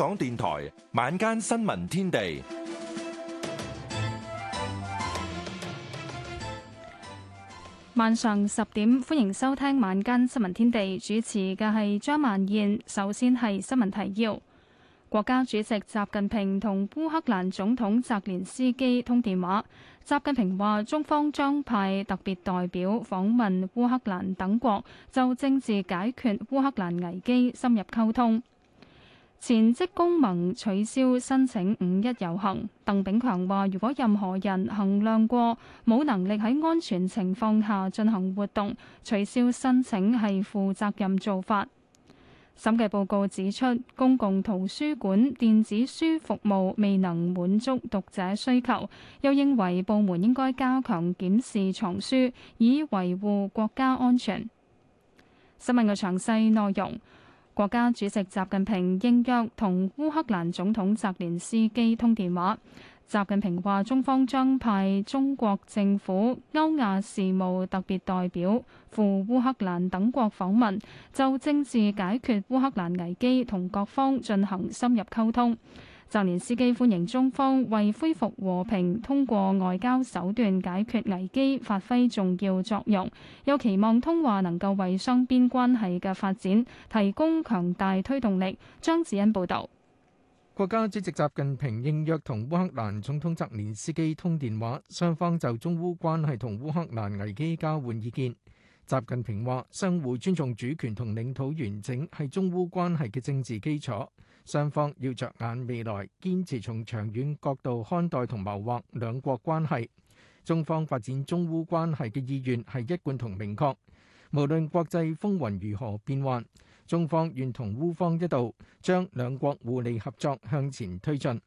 港電台晚間新聞天地，晚上十點歡迎收聽晚間新聞天地。主持嘅係張曼燕。首先係新聞提要。國家主席習近平同烏克蘭總統澤連斯基通電話。習近平話，中方將派特別代表訪問烏克蘭等國，就政治解決烏克蘭危機深入溝通。前職工盟取消申請五一遊行。鄧炳強話：如果任何人衡量過冇能力喺安全情況下進行活動，取消申請係負責任做法。審計報告指出，公共圖書館電子書服務未能滿足讀者需求，又認為部門應該加強檢視藏書，以維護國家安全。新聞嘅詳細內容。國家主席習近平應約同烏克蘭總統澤連斯基通電話。習近平話：中方將派中國政府歐亞事務特別代表赴烏克蘭等國訪問，就政治解決烏克蘭危機同各方進行深入溝通。澤連斯基歡迎中方為恢復和平、通過外交手段解決危機發揮重要作用，又期望通話能夠為雙邊關係嘅發展提供強大推動力。張子欣報道。國家主席習近平應約同烏克蘭總統澤連斯基通電話，雙方就中烏關係同烏克蘭危機交換意見。習近平話：相互尊重主權同領土完整係中烏關係嘅政治基礎。雙方要着眼未來，堅持從長遠角度看待同謀劃兩國關係。中方發展中烏關係嘅意願係一貫同明確，無論國際風雲如何變幻，中方願同烏方一道將兩國互利合作向前推進。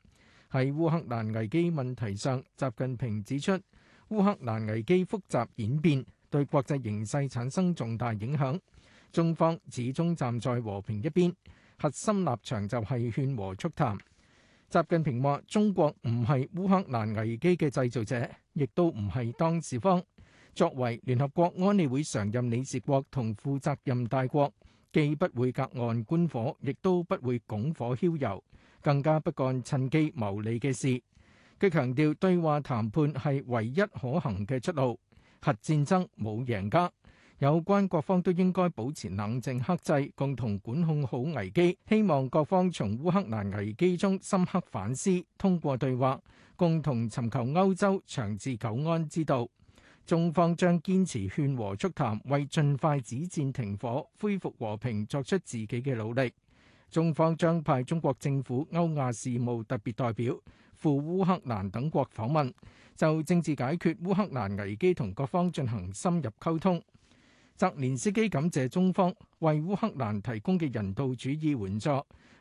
喺烏克蘭危機問題上，習近平指出，烏克蘭危機複雜演變，對國際形勢產生重大影響，中方始終站在和平一邊。核心立場就係勸和促談。習近平話：中國唔係烏克蘭危機嘅製造者，亦都唔係當事方。作為聯合國安理會常任理事國同負責任大國，既不會隔岸觀火，亦都不會拱火澆油，更加不幹趁機牟利嘅事。佢強調，對話談判係唯一可行嘅出路。核戰爭冇贏家。有關各方都應該保持冷靜克制，共同管控好危機。希望各方從烏克蘭危機中深刻反思，通過對話共同尋求歐洲長治久安之道。中方將堅持勸和促談，為盡快止戰停火、恢復和平作出自己嘅努力。中方將派中國政府歐亞事務特別代表赴烏克蘭等國訪問，就政治解決烏克蘭危機同各方進行深入溝通。澤連斯基感謝中方為烏克蘭提供嘅人道主義援助，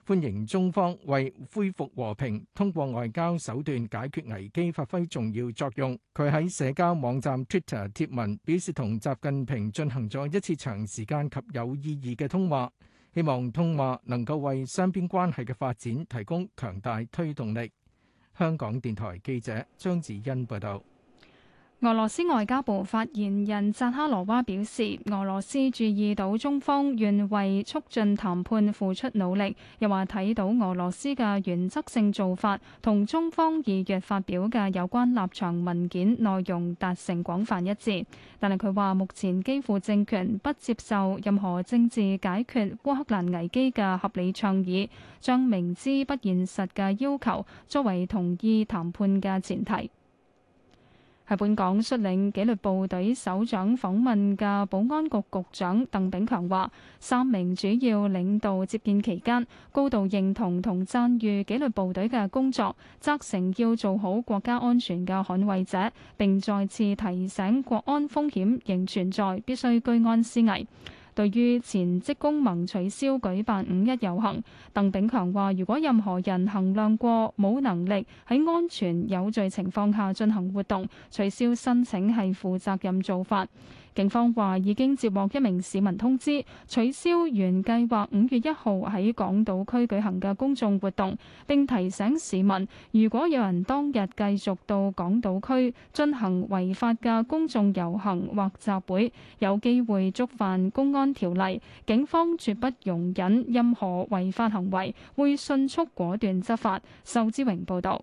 歡迎中方為恢復和平、通過外交手段解決危機，發揮重要作用。佢喺社交網站 Twitter 貼文表示，同習近平進行咗一次長時間及有意義嘅通話，希望通話能夠為雙邊關係嘅發展提供強大推動力。香港電台記者張子欣報道。俄羅斯外交部發言人扎哈羅娃表示，俄羅斯注意到中方願為促進談判付出努力，又話睇到俄羅斯嘅原則性做法同中方二月發表嘅有關立場文件內容達成廣泛一致。但係佢話，目前基輔政權不接受任何政治解決烏克蘭危機嘅合理倡議，將明知不現實嘅要求作為同意談判嘅前提。係本港率領紀律部隊首長訪問嘅保安局局長鄧炳強話，三名主要領導接見期間，高度認同同讚譽紀律部隊嘅工作，責成要做好國家安全嘅捍衛者，並再次提醒國安風險仍存在，必須居安思危。對於前職工盟取消舉辦五一遊行，鄧炳強話：如果任何人衡量過冇能力喺安全有序情況下進行活動，取消申請係負責任做法。警方話已經接獲一名市民通知，取消原計劃五月一號喺港島區舉行嘅公眾活動，並提醒市民，如果有人當日繼續到港島區進行違法嘅公眾遊行或集會，有機會觸犯公安條例，警方絕不容忍任何違法行為，會迅速果斷執法。仇志榮報導。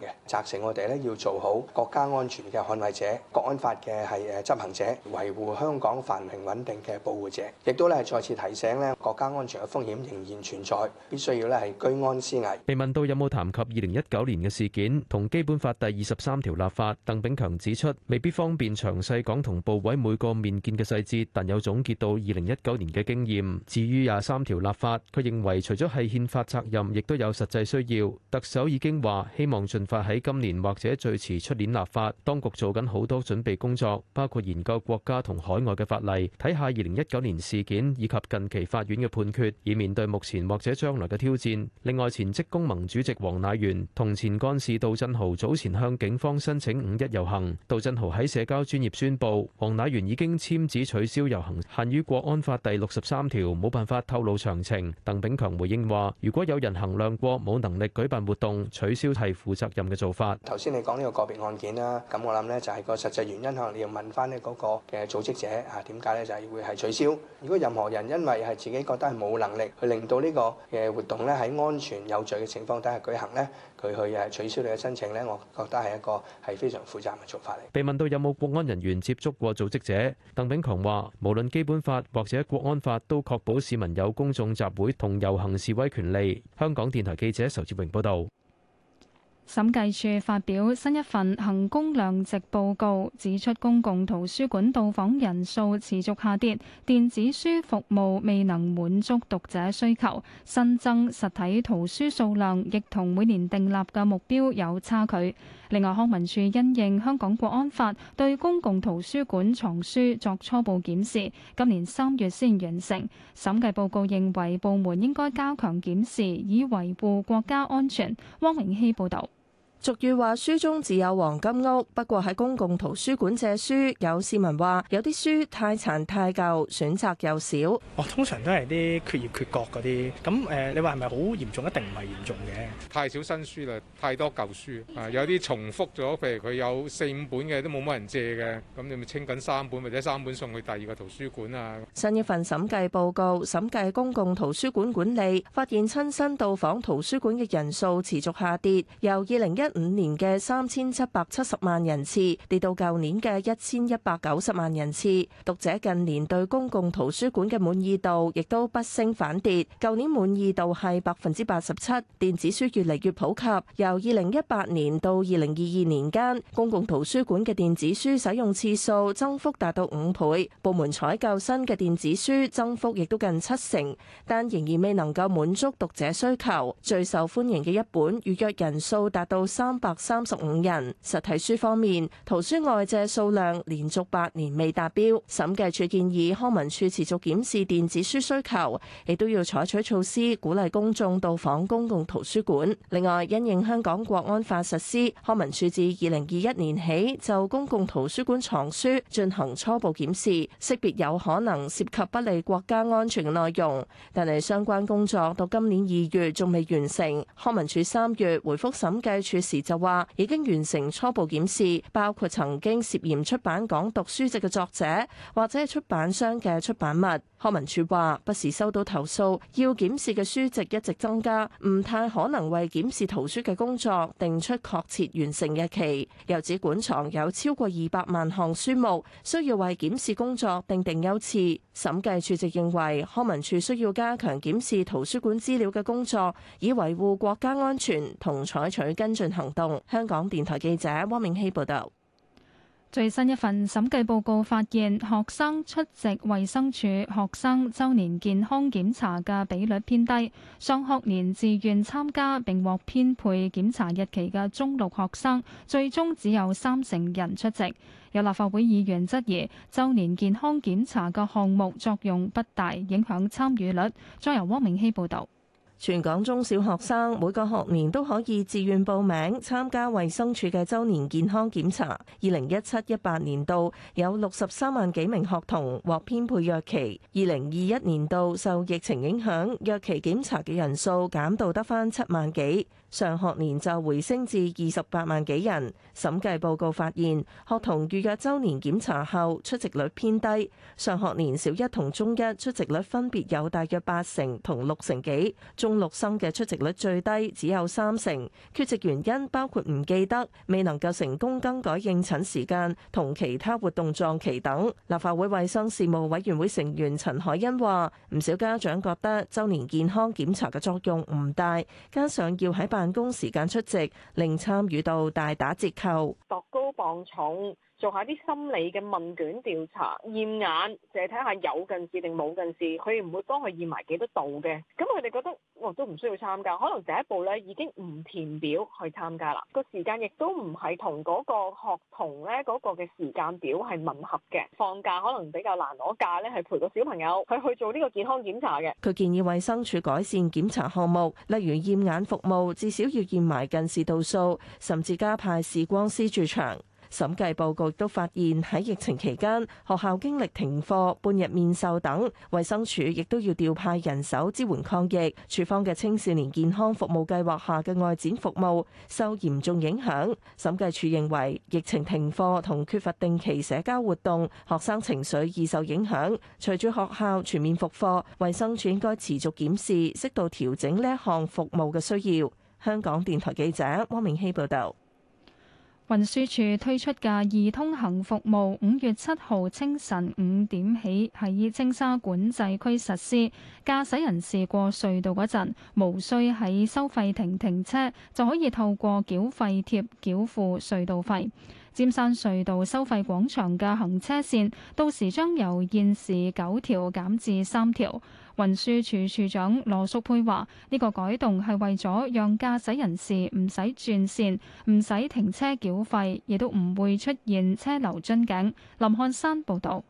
嘅，責成我哋咧要做好國家安全嘅捍衞者，國安法嘅係誒執行者，維護香港繁榮穩定嘅保護者。亦都咧係再次提醒咧，國家安全嘅風險仍然存在，必須要咧係居安思危。被問到有冇談及2019年嘅事件同基本法第二十三條立法，鄧炳強指出未必方便詳細講同部委每個面見嘅細節，但有總結到2019年嘅經驗。至於廿三條立法，佢認為除咗係憲法責任，亦都有實際需要。特首已經話希望盡法喺今年或者最遲出年立法，當局做緊好多準備工作，包括研究國家同海外嘅法例，睇下二零一九年事件以及近期法院嘅判決，以面對目前或者將來嘅挑戰。另外，前職工盟主席黃乃元同前幹事杜振豪早前向警方申請五一遊行。杜振豪喺社交專業宣布，黃乃元已經簽紙取消遊行，限於國安法第六十三條冇辦法透露詳情。鄧炳強回應話，如果有人衡量過冇能力舉辦活動取消係負責任嘅做法。頭先你講呢個個別案件啦，咁我諗呢就係個實際原因，可能你要問翻呢嗰個嘅組織者啊，點解呢就係會係取消？如果任何人因為係自己覺得係冇能力去令到呢個嘅活動呢喺安全有序嘅情況底下舉行呢，佢去係取消你嘅申請呢，我覺得係一個係非常負責任嘅做法嚟。被問到有冇國安人員接觸過組織者，鄧炳強話：無論基本法或者國安法都確保市民有公眾集會同遊行示威權利。香港電台記者仇志榮報道。審計署發表新一份衡工量值報告，指出公共圖書館到訪人數持續下跌，電子書服務未能滿足讀者需求，新增實體圖書數量亦同每年訂立嘅目標有差距。另外，康文署因應香港國安法對公共圖書館藏書作初步檢視，今年三月先完成。審計報告認為部門應該加強檢視，以維護國家安全。汪明熙報導。俗語話：書中自有黃金屋。不過喺公共圖書館借書，有市民話有啲書太殘太舊，選擇又少。我、哦、通常都係啲缺頁缺角嗰啲。咁誒、呃，你話係咪好嚴重？一定唔係嚴重嘅。太少新書啦，太多舊書。啊，有啲重複咗，譬如佢有四五本嘅都冇乜人借嘅，咁你咪清緊三本或者三本送去第二個圖書館啊。新一份審計報告審計公共圖書館管、管理，發現親身到訪圖書館嘅人數持續下跌，由二零一五年嘅三千七百七十萬人次，跌到舊年嘅一千一百九十萬人次。讀者近年對公共圖書館嘅滿意度亦都不升反跌，舊年滿意度係百分之八十七。電子書越嚟越普及，由二零一八年到二零二二年間，公共圖書館嘅電子書使用次數增幅達到五倍。部門採購新嘅電子書增幅亦都近七成，但仍然未能夠滿足讀者需求。最受歡迎嘅一本預約人數達到三。三百三十五人。實體書方面，圖書外借數量連續八年未達標。審計署建議康文署持續檢視電子書需求，亦都要採取措施鼓勵公眾到訪公共圖書館。另外，因應香港國安法實施，康文署自二零二一年起就公共圖書館藏書進行初步檢視，識別有可能涉及不利國家安全嘅內容。但係相關工作到今年二月仲未完成。康文署三月回覆審計署。就話已經完成初步檢視，包括曾經涉嫌出版港獨書籍嘅作者或者係出版商嘅出版物。康文署話：不時收到投訴，要檢視嘅書籍一直增加，唔太可能為檢視圖書嘅工作定出確切完成日期。又指館藏有超過二百萬項書目，需要為檢視工作定定優次。審計處就認為，康文署需要加強檢視圖書館資料嘅工作，以維護國家安全同採取跟進行動。香港電台記者汪明希報導。最新一份審計報告發現，學生出席衛生署學生周年健康檢查嘅比率偏低。上學年自願參加並獲編配檢查日期嘅中六學生，最終只有三成人出席。有立法會議員質疑，周年健康檢查嘅項目作用不大，影響參與率。再由汪明希報導。全港中小學生每個學年都可以自願報名參加衛生署嘅周年健康檢查。二零一七一八年度有六十三萬幾名學童獲編配約期，二零二一年度受疫情影響，約期檢查嘅人數減到得返七萬幾。上學年就回升至二十八萬幾人。審計報告發現，學童預約週年檢查後出席率偏低。上學年小一同中一出席率分別有大約八成同六成幾，中六生嘅出席率最低只有三成。缺席原因包括唔記得、未能夠成功更改應診時間、同其他活動撞期等。立法會衛生事務委員會成員陳凱欣話：唔少家長覺得週年健康檢查嘅作用唔大，加上要喺辦辦公時間出席，令參與度大打折扣。磅重做下啲心理嘅問卷調查驗眼，就係睇下有近視定冇近視，佢唔會幫佢驗埋幾多度嘅。咁佢哋覺得我都唔需要參加，可能第一步咧已經唔填表去參加啦。個時間亦都唔係同嗰個學童咧嗰個嘅時間表係吻合嘅。放假可能比較難攞假咧，係陪個小朋友去去做呢個健康檢查嘅。佢建議衞生署改善檢查項目，例如驗眼服務至少要驗埋近視度數，甚至加派視光師駐場。審計報告亦都發現喺疫情期間，學校經歷停課、半日面授等，衛生署亦都要調派人手支援抗疫。處方嘅青少年健康服務計劃下嘅外展服務受嚴重影響。審計署認為，疫情停課同缺乏定期社交活動，學生情緒易受影響。隨住學校全面復課，衛生署應該持續檢視、適度調整呢一項服務嘅需要。香港電台記者汪明希報導。運輸署推出嘅易通行服務，五月七號清晨五點起喺青沙管制區實施，駕駛人士過隧道嗰陣，無需喺收費亭停、停車，就可以透過繳費貼繳付隧道費。尖山隧道收費廣場嘅行車線到時將由現時九條減至三條。運輸署署長羅淑佩話：呢個改動係為咗讓駕駛人士唔使轉線、唔使停車繳費，亦都唔會出現車流樽頸。林漢山報導，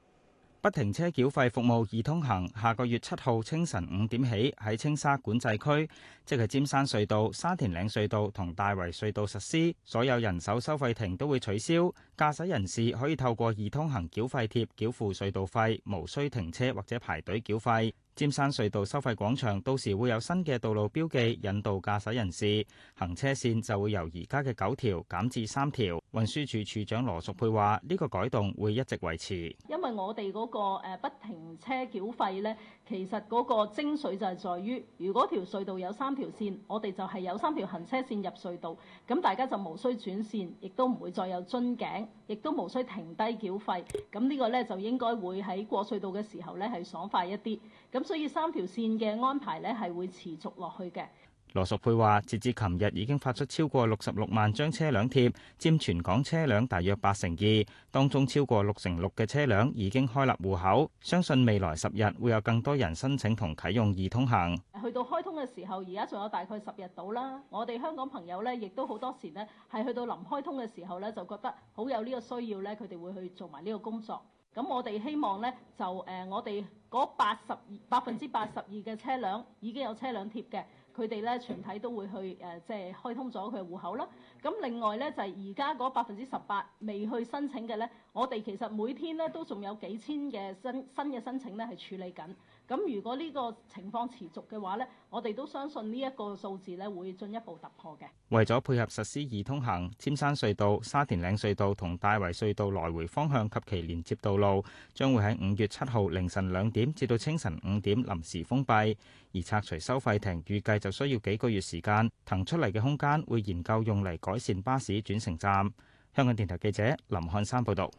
不停車繳費服務易通行，下個月七號清晨五點起喺青沙管制區，即係尖山隧道、沙田嶺隧道同大圍隧道實施，所有人手收費亭都會取消。駕駛人士可以透過易通行繳費貼繳付隧道費，無需停車或者排隊繳費。尖山隧道收費廣場到時會有新嘅道路標記引導駕駛人士，行車線就會由而家嘅九條減至三條。運輸署署長羅淑佩話：呢個改動會一直維持，因為我哋嗰個誒不停車繳費咧。其實嗰個精髓就係在於，如果條隧道有三條線，我哋就係有三條行車線入隧道，咁大家就無需轉線，亦都唔會再有樽頸，亦都無需停低繳費，咁呢個咧就應該會喺過隧道嘅時候咧係爽快一啲，咁所以三條線嘅安排咧係會持續落去嘅。羅淑佩話，截至琴日已經發出超過六十六萬張車輛貼，佔全港車輛大約八成二，當中超過六成六嘅車輛已經開立戶口。相信未來十日會有更多人申請同啟用易通行。去到開通嘅時候，而家仲有大概十日到啦。我哋香港朋友咧，亦都好多時咧，係去到臨開通嘅時候咧，就覺得好有呢個需要咧，佢哋會去做埋呢個工作。咁我哋希望咧，就誒我哋嗰八十二，百分之八十二嘅車輛已經有車輛貼嘅。佢哋咧，全體都會去誒，即係開通咗佢戶口啦。咁另外咧，就係而家嗰百分之十八未去申請嘅咧，我哋其實每天咧都仲有幾千嘅新新嘅申請咧，係處理緊。咁如果呢個情況持續嘅話呢我哋都相信呢一個數字呢會進一步突破嘅。為咗配合實施易通行，尖山隧道、沙田嶺隧道同大圍隧道來回方向及其連接道路將會喺五月七號凌晨兩點至到清晨五點臨時封閉，而拆除收費亭預計就需要幾個月時間，騰出嚟嘅空間會研究用嚟改善巴士轉乘站。香港電台記者林漢山報道。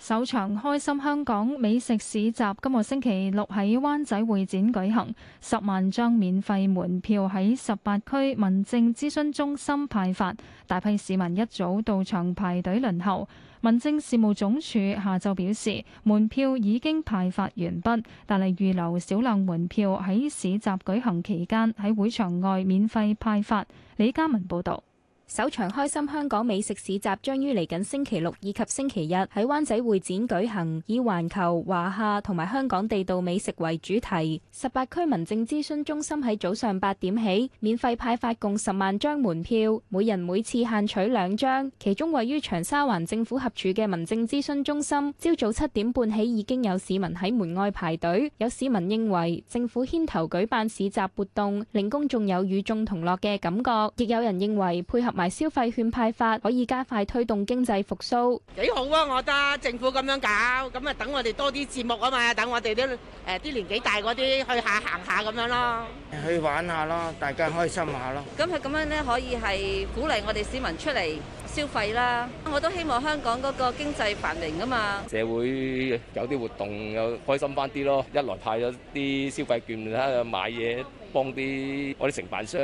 首場開心香港美食市集今個星期六喺灣仔會展舉行，十萬張免費門票喺十八區民政諮詢中心派發，大批市民一早到場排隊輪候。民政事務總署下晝表示，門票已經派發完畢，但係預留少量門票喺市集舉行期間喺會場外免費派發。李嘉文報導。首場開心香港美食市集將於嚟緊星期六以及星期日喺灣仔會展舉行，以環球、華夏同埋香港地道美食為主題。十八區民政諮詢中心喺早上八點起免費派發共十萬張門票，每人每次限取兩張。其中位於長沙灣政府合署嘅民政諮詢中心，朝早七點半起已經有市民喺門外排隊。有市民認為政府牽頭舉辦市集活動，令公眾有與眾同樂嘅感覺，亦有人認為配合埋消費券派發可以加快推動經濟復甦，幾好啊！我覺得政府咁樣搞，咁啊等我哋多啲節目啊嘛，等我哋啲誒啲年紀大嗰啲去下行下咁樣咯，去玩下咯，大家開心下咯。咁係咁樣咧可以係鼓勵我哋市民出嚟消費啦。我都希望香港嗰個經濟繁榮啊嘛。社會有啲活動有開心翻啲咯，一來派咗啲消費券啦，買嘢。幫啲我啲承辦商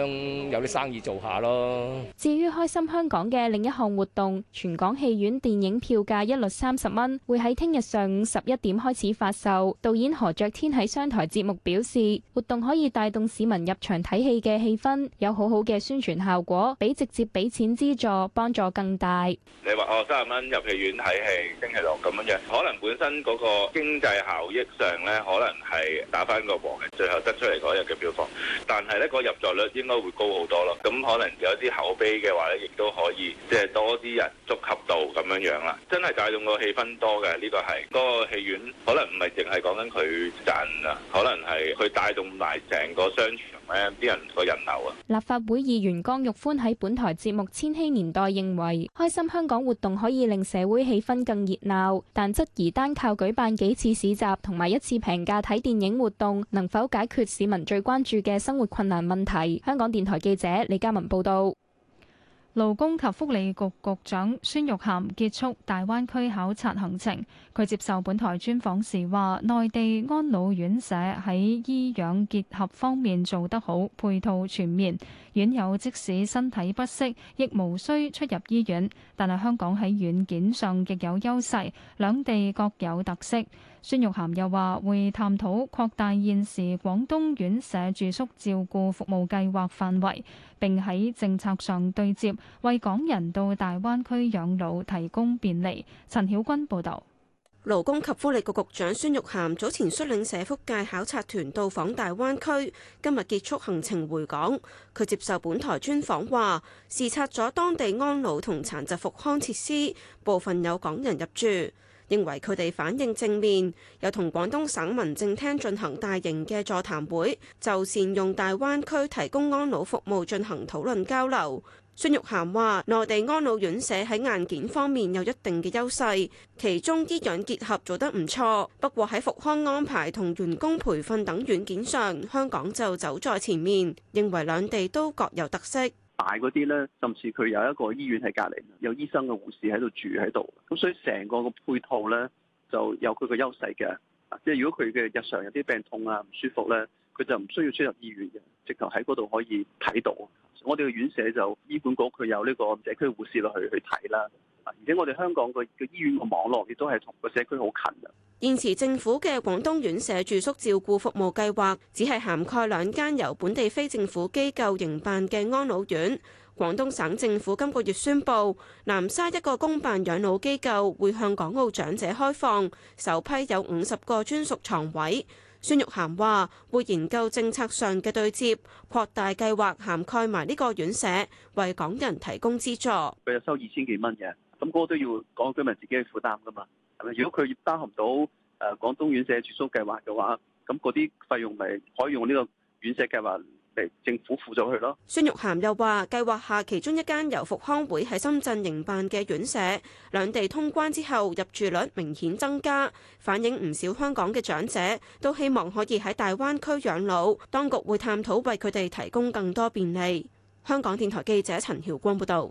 有啲生意做下咯。至於開心香港嘅另一項活動，全港戲院電影票價一律三十蚊，會喺聽日上午十一點開始發售。導演何爵天喺商台節目表示，活動可以帶動市民入場睇戲嘅氣氛，有好好嘅宣傳效果，比直接俾錢資助幫助更大。你話哦，三十蚊入戲院睇戲，星期六咁樣樣，可能本身嗰個經濟效益上呢，可能係打翻個和，最後得出嚟嗰日嘅票房。但係呢、個入座率應該會高好多咯。咁可能有啲口碑嘅話咧，亦都可以即係、就是、多啲人觸及到咁樣樣啦。真係帶動個氣氛多嘅呢、這個係嗰、個戲院，可能唔係淨係講緊佢賺啊，可能係佢帶動埋成個商圈。誒啲人個人流啊！立法會議員江玉歡喺本台節目《千禧年代》認為，開心香港活動可以令社會氣氛更熱鬧，但質疑單靠舉辦幾次市集同埋一次平價睇電影活動，能否解決市民最關注嘅生活困難問題。香港電台記者李嘉文報導。勞工及福利局局長孫玉菡結束大灣區考察行程。佢接受本台專訪時話：內地安老院舍喺醫養結合方面做得好，配套全面，院友即使身體不適亦無需出入醫院。但係香港喺軟件上亦有優勢，兩地各有特色。孫玉菡又話會探討擴大現時廣東院舍住宿照顧服務計劃範圍，並喺政策上對接，為港人到大灣區養老提供便利。陳曉君報導，勞工及福利局局長孫玉菡早前率領社福界考察團到訪大灣區，今日結束行程回港。佢接受本台專訪話，視察咗當地安老同殘疾復康設施，部分有港人入住。認為佢哋反應正面，又同廣東省民政廳進行大型嘅座談會，就善用大灣區提供安老服務進行討論交流。孫玉菡話：內地安老院舍喺硬件方面有一定嘅優勢，其中醫養結合做得唔錯，不過喺復康安排同員工培訓等軟件上，香港就走在前面。認為兩地都各有特色。大嗰啲咧，甚至佢有一個醫院喺隔籬，有醫生嘅護士喺度住喺度，咁所以成個個配套咧就有佢個優勢嘅。即係如果佢嘅日常有啲病痛啊，唔舒服咧，佢就唔需要出入醫院嘅。直頭喺嗰度可以睇到，我哋嘅院舍就醫管局佢有呢個社區護士落去去睇啦，而且我哋香港個醫院個網絡亦都係同個社區好近嘅。現時政府嘅廣東院舍住宿照顧服務計劃只係涵蓋兩間由本地非政府機構營辦嘅安老院。廣東省政府今個月宣布，南沙一個公辦養老機構會向港澳長者開放，首批有五十個專屬床位。孫玉菡話會研究政策上嘅對接，擴大計劃涵蓋埋呢個院舍，為港人提供資助。佢要收二千幾蚊嘅，咁、那、嗰個都要港居民自己去負擔噶嘛，係咪？如果佢要包含到誒廣東院舍住宿計劃嘅話，咁嗰啲費用咪可以用呢個院舍計劃？政府付咗佢咯。孫玉涵又話：計劃下其中一間由復康會喺深圳營辦嘅院舍，兩地通關之後，入住率明顯增加，反映唔少香港嘅長者都希望可以喺大灣區養老。當局會探討為佢哋提供更多便利。香港電台記者陳曉光報道。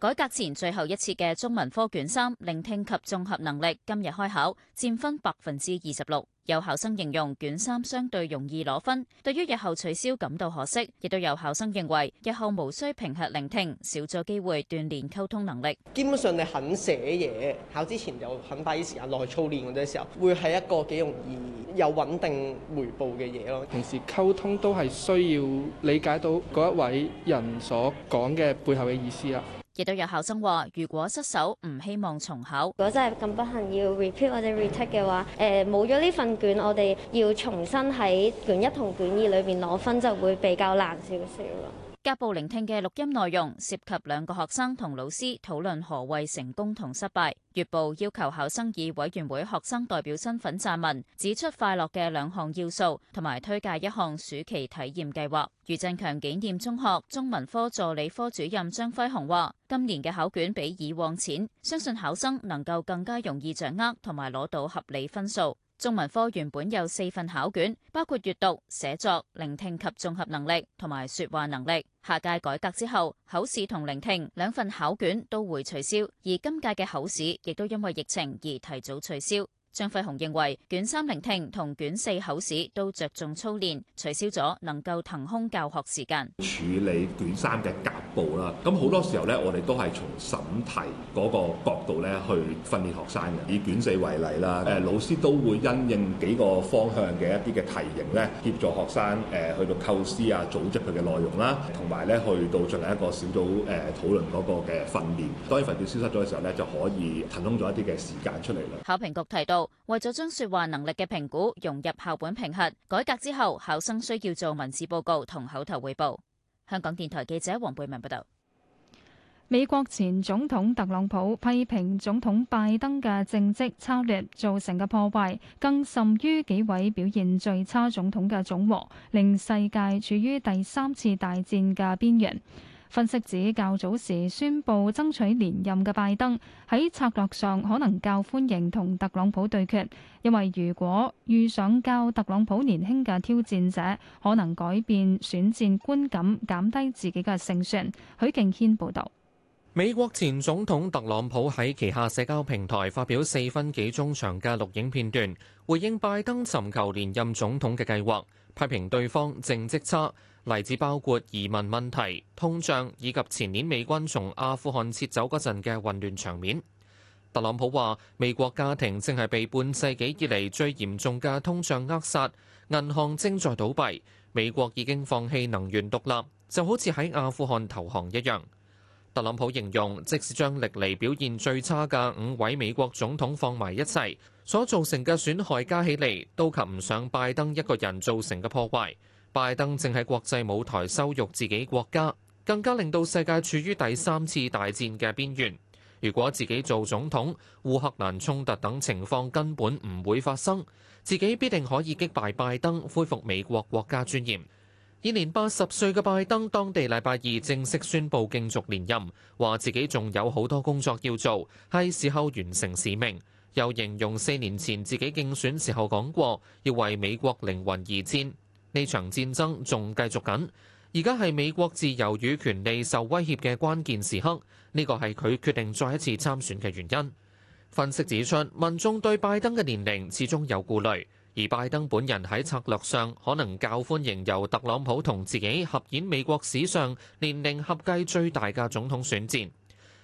改革前最後一次嘅中文科卷三，聆聽及綜合能力今日開考，佔分百分之二十六。有考生形容卷三相對容易攞分，對於日後取消感到可惜。亦都有考生認為日後無需評核聆聽，少咗機會鍛煉溝通能力。基本上你肯寫嘢，考之前又肯花啲時間落去操練嗰啲時候，會係一個幾容易有穩定回報嘅嘢咯。平時溝通都係需要理解到嗰一位人所講嘅背後嘅意思啦。亦都有考生話：如果失手，唔希望重考。如果真係咁不幸要 repeat 或者 retake 嘅話，誒冇咗呢份卷，我哋要重新喺卷一同卷二裏邊攞分，就會比較難少少。甲部聆聽嘅錄音內容涉及兩個學生同老師討論何謂成功同失敗。乙部要求考生以委員會學生代表身份撰文，指出快樂嘅兩項要素，同埋推介一項暑期體驗計劃。余振強紀念中學中文科助理科主任張輝雄話：今年嘅考卷比以往淺，相信考生能夠更加容易掌握，同埋攞到合理分數。中文科原本有四份考卷，包括閱讀、寫作、聆聽及綜合能力同埋說話能力。下屆改革之後，口試同聆聽兩份考卷都會取消，而今屆嘅口試亦都因為疫情而提早取消。張惠紅認為卷三聆聽同卷四口試都着重操練，取消咗能夠騰空教學時間。處理卷三嘅甲部啦，咁好多時候咧，我哋都係從審題嗰個角度咧去訓練學生嘅。以卷四為例啦，誒，老師都會因應幾個方向嘅一啲嘅題型咧，協助學生誒去到構思啊，組織佢嘅內容啦，同埋咧去到進行一個小組誒討論嗰個嘅訓練。當呢份卷消失咗嘅時候咧，就可以騰空咗一啲嘅時間出嚟啦。考評局提到。為咗將說話能力嘅評估融入校本評核改革之後，考生需要做文字報告同口頭匯報。香港電台記者黃貝文報道。美國前總統特朗普批評總統拜登嘅政績策略造成嘅破壞，更甚於幾位表現最差總統嘅總和，令世界處於第三次大戰嘅邊緣。分析指，較早時宣布爭取連任嘅拜登，喺策略上可能較歡迎同特朗普對決，因為如果遇上較特朗普年輕嘅挑戰者，可能改變選戰觀感，減低自己嘅勝算。許敬軒報道。美國前總統特朗普喺旗下社交平台發表四分幾鐘長嘅錄影片段，回應拜登尋求連任總統嘅計劃。批評對方政績差，嚟自包括移民問題、通脹以及前年美軍從阿富汗撤走嗰陣嘅混亂場面。特朗普話：美國家庭正係被半世紀以嚟最嚴重嘅通脹扼殺，銀行正在倒閉，美國已經放棄能源獨立，就好似喺阿富汗投降一樣。特朗普形容，即使將歷嚟表現最差嘅五位美國總統放埋一齊，所造成嘅損害加起嚟都及唔上拜登一個人造成嘅破壞。拜登正喺國際舞台羞辱自己國家，更加令到世界處於第三次大戰嘅邊緣。如果自己做總統，烏克蘭衝突等情況根本唔會發生，自己必定可以擊敗拜登，恢復美國國家尊嚴。現年八十歲嘅拜登，當地禮拜二正式宣佈競逐連任，話自己仲有好多工作要做，係時候完成使命。又形容四年前自己競選時候講過，要為美國靈魂而戰。呢場戰爭仲繼續緊，而家係美國自由與權利受威脅嘅關鍵時刻。呢個係佢決定再一次參選嘅原因。分析指出，民眾對拜登嘅年齡始終有顧慮，而拜登本人喺策略上可能較歡迎由特朗普同自己合演美國史上年齡合計最大嘅總統選戰，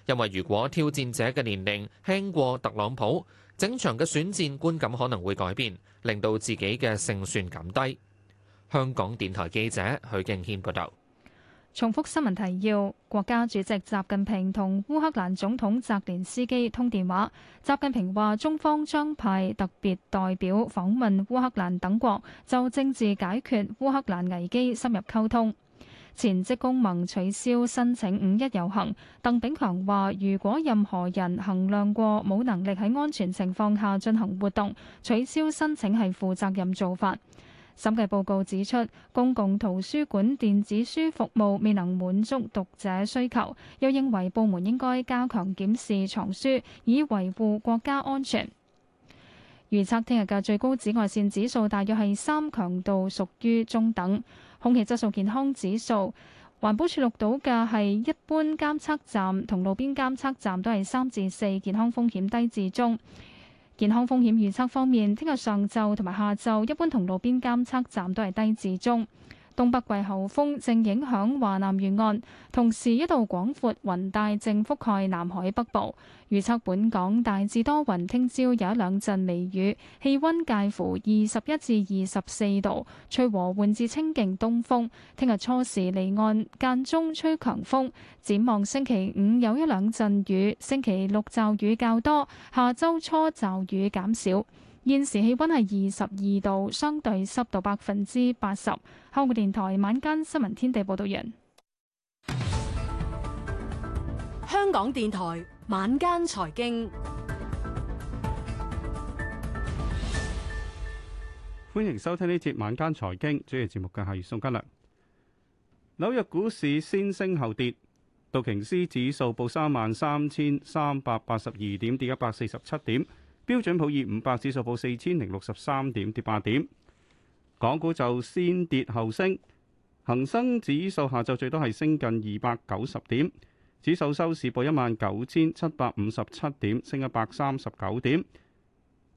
因為如果挑戰者嘅年齡輕過特朗普。整場嘅選戰觀感可能會改變，令到自己嘅勝算減低。香港電台記者許敬軒報導。重複新聞提要：國家主席習近平同烏克蘭總統澤連斯基通電話，習近平話中方將派特別代表訪問烏克蘭等國，就政治解決烏克蘭危機深入溝通。前職工盟取消申請五一遊行。鄧炳強話：如果任何人衡量過冇能力喺安全情況下進行活動，取消申請係負責任做法。審計報告指出，公共圖書館電子書服務未能滿足讀者需求，又認為部門應該加強檢視藏書，以維護國家安全。預測聽日嘅最高紫外線指數大約係三，強度屬於中等。空氣質素健康指數，環保署錄到嘅係一般監測站同路邊監測站都係三至四，健康風險低至中。健康風險預測方面，聽日上晝同埋下晝，一般同路邊監測站都係低至中。東北季候風正影響華南沿岸，同時一道廣闊雲帶正覆蓋南海北部。預測本港大致多雲，聽朝有一兩陣微雨，氣温介乎二十一至二十四度，吹和緩至清勁東風。聽日初時離岸間中吹強風。展望星期五有一兩陣雨，星期六驟雨較多，下周初驟雨減少。現時氣溫係二十二度，相對濕度百分之八十。香港電台晚間新聞天地報道人，香港電台晚間財經，歡迎收聽呢節晚間財經。主持節目嘅係宋嘉良。紐約股市先升後跌，道瓊斯指數報三萬三千三百八十二點，跌一百四十七點。標準普爾五百指數報四千零六十三點，跌八點。港股就先跌後升，恒生指數下晝最多係升近二百九十點，指數收市報一萬九千七百五十七點，升一百三十九點。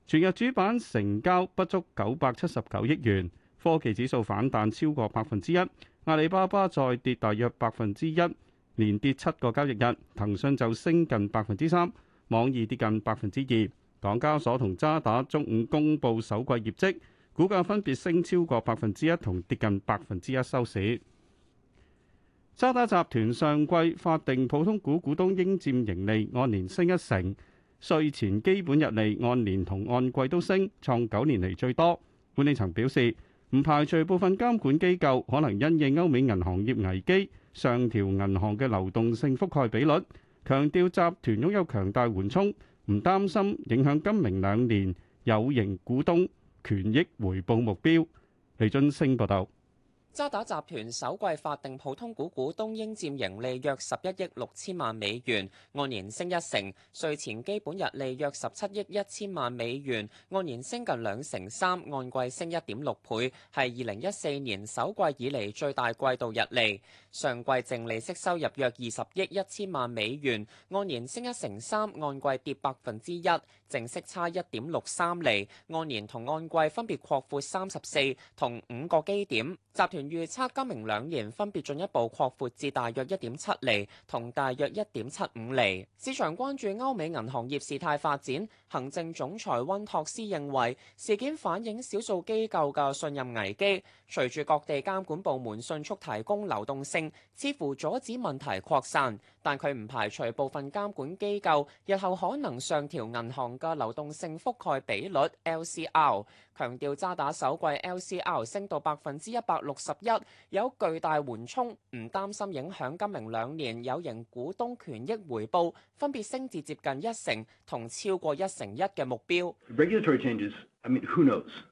全日主板成交不足九百七十九億元。科技指數反彈超過百分之一，阿里巴巴再跌大約百分之一，連跌七個交易日。騰訊就升近百分之三，網易跌近百分之二。港交所同渣打中午公布首季業績，股價分別升超過百分之一同跌近百分之一收市。渣打集團上季法定普通股股東應佔盈利按年升一成，稅前基本溢利按年同按季都升，創九年嚟最多。管理層表示，唔排除部分監管機構可能因應歐美銀行業危機，上調銀行嘅流動性覆蓋比率。強調集團擁有強大緩衝。唔擔心影響今明兩年有形股東權益回報目標。李俊升報道。渣打集團首季法定普通股股東應佔盈利約十一億六千萬美元，按年升一成；稅前基本溢利約十七億一千萬美元，按年升近兩成三，按季升一點六倍，係二零一四年首季以嚟，最大季度溢利。上季淨利息收入約二十億一千萬美元，按年升一成三，按季跌百分之一，淨息差一點六三厘，按年同按季分別擴闊三十四同五個基點。集團預測今明兩年分別進一步擴闊至大約一點七厘同大約一點七五厘。市場關注歐美銀行業事態發展。行政總裁溫托斯認為事件反映少數機構嘅信任危機，隨住各地監管部門迅速提供流動性，似乎阻止問題擴散。但佢唔排除部分監管機構日後可能上調銀行嘅流動性覆蓋比率 （LCR），強調渣打首季 LCR 升到百分之一百六十一，有巨大緩衝，唔擔心影響今明兩年有形股東權益回報分別升至接近一成同超過一。成一嘅目標。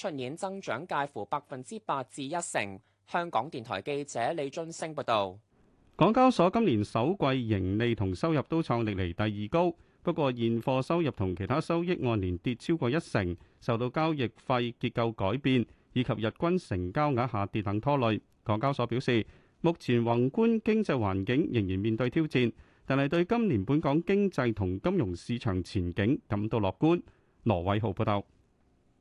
出年增長介乎百分之八至一成。香港電台記者李津升報導，港交所今年首季盈利同收入都創歷嚟第二高，不過現貨收入同其他收益按年跌超過一成，受到交易費結構改變以及日均成交額下跌等拖累。港交所表示，目前宏觀經濟環境仍然面對挑戰，但係對今年本港經濟同金融市場前景感到樂觀。羅偉豪報導。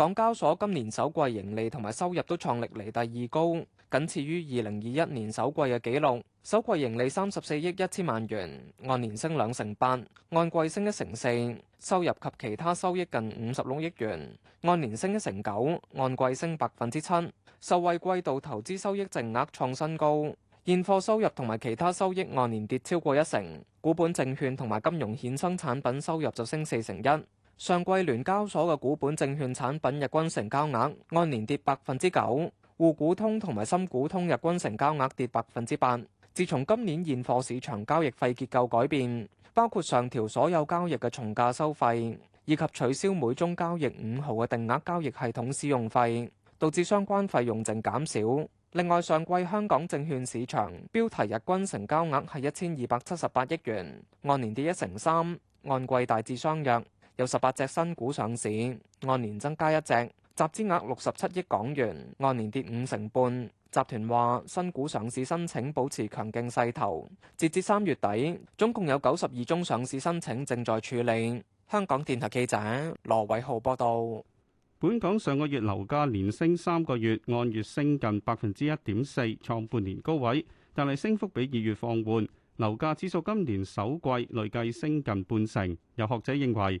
港交所今年首季盈利同埋收入都創歷嚟第二高，僅次於二零二一年首季嘅紀錄。首季盈利三十四億一千萬元，按年升兩成八，按季升一成四。收入及其他收益近五十六億元，按年升一成九，按季升百分之七。受惠季度投資收益淨額創新高。現貨收入同埋其他收益按年跌超過一成，股本證券同埋金融衍生產品收入就升四成一。上季聯交所嘅股本證券產品日均成交額按年跌百分之九，滬股通同埋深股通日均成交額跌百分之八。自從今年現貨市場交易費結構改變，包括上調所有交易嘅從價收費，以及取消每宗交易五毫嘅定額交易系統使用費，導致相關費用淨減少。另外，上季香港證券市場標題日均成交額係一千二百七十八億元，按年跌一成三，按季大致相若。有十八隻新股上市，按年增加一隻，集資額六十七億港元，按年跌五成半。集團話，新股上市申請保持強勁勢頭，截至三月底，總共有九十二宗上市申請正在處理。香港電台記者羅偉浩報道。本港上個月樓價連升三個月，按月升近百分之一點四，創半年高位，但係升幅比二月放緩。樓價指數今年首季累計升近半成，有學者認為，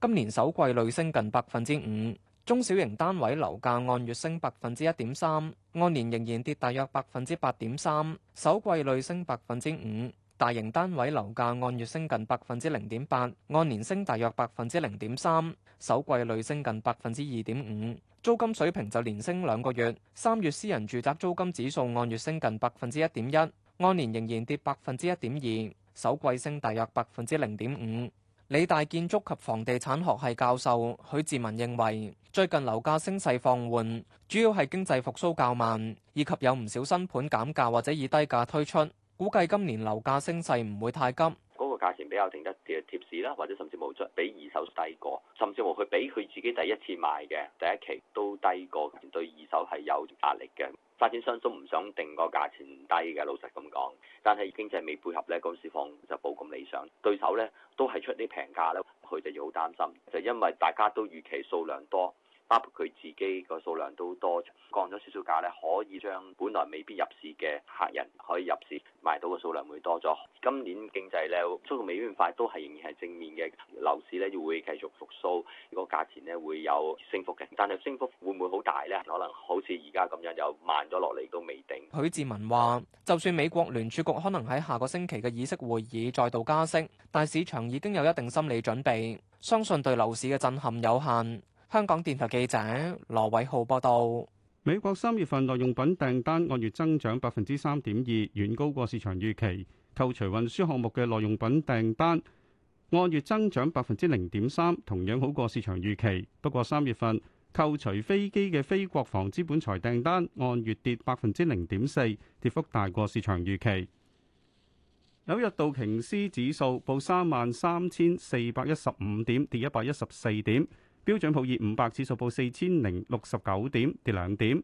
今年首季累升近百分之五，中小型單位樓價按月升百分之一點三，按年仍然跌大約百分之八點三，首季累升百分之五。大型單位樓價按月升近百分之零點八，按年升大約百分之零點三，首季累升近百分之二點五。租金水平就連升兩個月，三月私人住宅租金指數按月升近百分之一點一，按年仍然跌百分之一點二，首季升大約百分之零點五。理大建築及房地產學系教授許志文認為，最近樓價升勢放緩，主要係經濟復甦較慢，以及有唔少新盤減價或者以低價推出，估計今年樓價升勢唔會太急。嗰個價錢比較定得貼市啦，或者甚至冇出比二手低過，甚至乎佢比佢自己第一次買嘅第一期都低過，對二手係有壓力嘅。發展商都唔想定個價錢低嘅，老實咁講。但係經濟未配合呢，公司方就冇咁理想。對手呢都係出啲平價呢佢就要好擔心，就因為大家都預期數量多。包括佢自己個數量都多，降咗少少價咧，可以將本來未必入市嘅客人可以入市，賣到嘅數量會多咗。今年經濟咧速度未必快，都係仍然係正面嘅，樓市咧就會繼續復甦，個價錢咧會有升幅嘅。但係升幅會唔會好大呢？可能好似而家咁樣就慢咗落嚟都未定。許志文話：就算美國聯儲局可能喺下個星期嘅議息會議再度加息，但市場已經有一定心理準備，相信對樓市嘅震撼有限。香港電台記者羅偉浩報道：美國三月份耐用品訂單按月增長百分之三點二，遠高過市場預期。扣除運輸項目嘅耐用品訂單按月增長百分之零點三，同樣好過市場預期。不過三月份扣除飛機嘅非國防資本財訂單按月跌百分之零點四，跌幅大過市場預期。紐約道瓊斯指數報三萬三千四百一十五點，跌一百一十四點。標準普爾五百指數報四千零六十九點，跌兩點。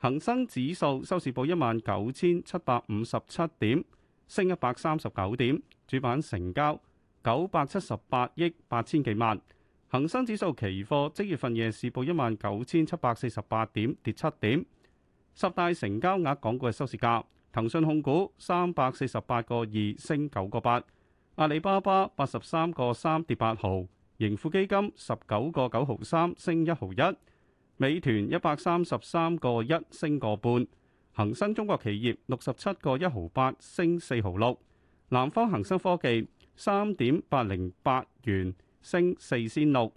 恒生指數收市報一萬九千七百五十七點，升一百三十九點。主板成交九百七十八億八千幾萬。恒生指數期貨即月份夜市報一萬九千七百四十八點，跌七點。十大成交額港股嘅收市價，騰訊控股三百四十八個二，升九個八。阿里巴巴八十三個三，跌八毫。盈富基金十九個九毫三升一毫一，美團一百三十三個一升個半，恒生中國企業六十七個一毫八升四毫六，南方恒生科技三點八零八元升四仙六，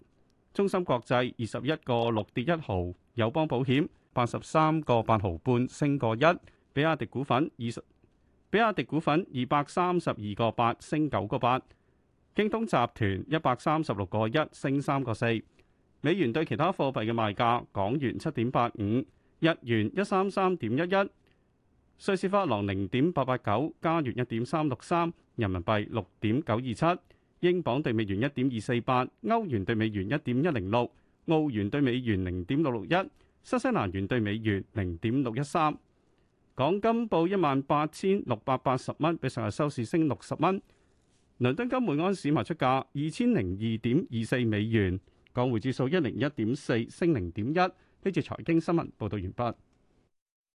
中芯國際二十一個六跌一毫，友邦保險八十三個八毫半升個一，比亞迪股份二十，比亞迪股份二百三十二個八升九個八。京東集團一百三十六個一升三個四，美元對其他貨幣嘅賣價：港元七點八五，日元一三三點一一，瑞士法郎零點八八九，加元一點三六三，人民幣六點九二七，英鎊對美元一點二四八，歐元對美元一點一零六，澳元對美元零點六六一，新西蘭元對美元零點六一三。港金報一萬八千六百八十蚊，比上日收市升六十蚊。倫敦金每安士賣出價二千零二點二四美元，港匯指數一零一點四升零點一。呢次財經新聞報道完畢。